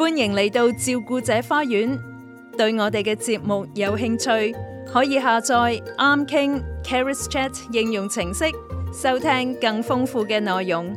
歡迎嚟到照顧者花園，對我哋嘅節目有興趣，可以下載啱傾 Careers Chat 應用程式，收聽更豐富嘅內容。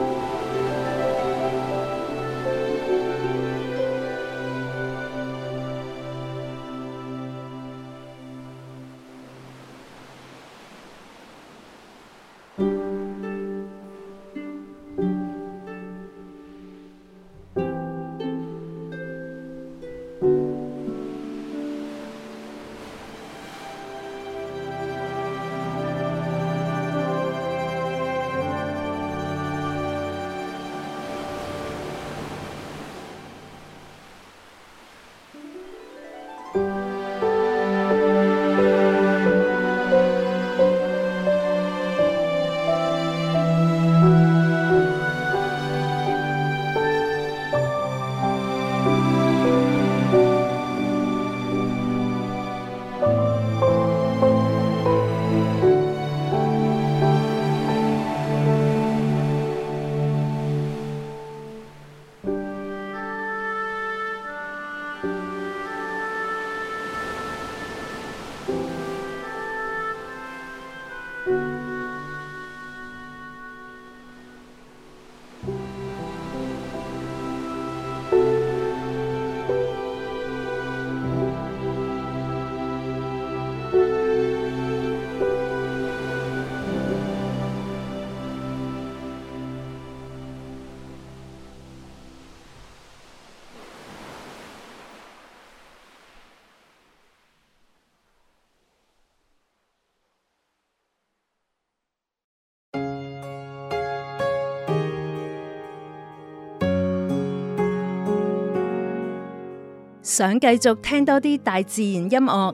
想繼續聽多啲大自然音樂，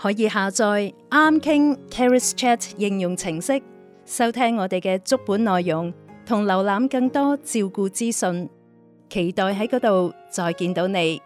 可以下載啱傾 Careys Chat 應用程式，收聽我哋嘅足本內容，同瀏覽更多照顧資訊。期待喺嗰度再見到你。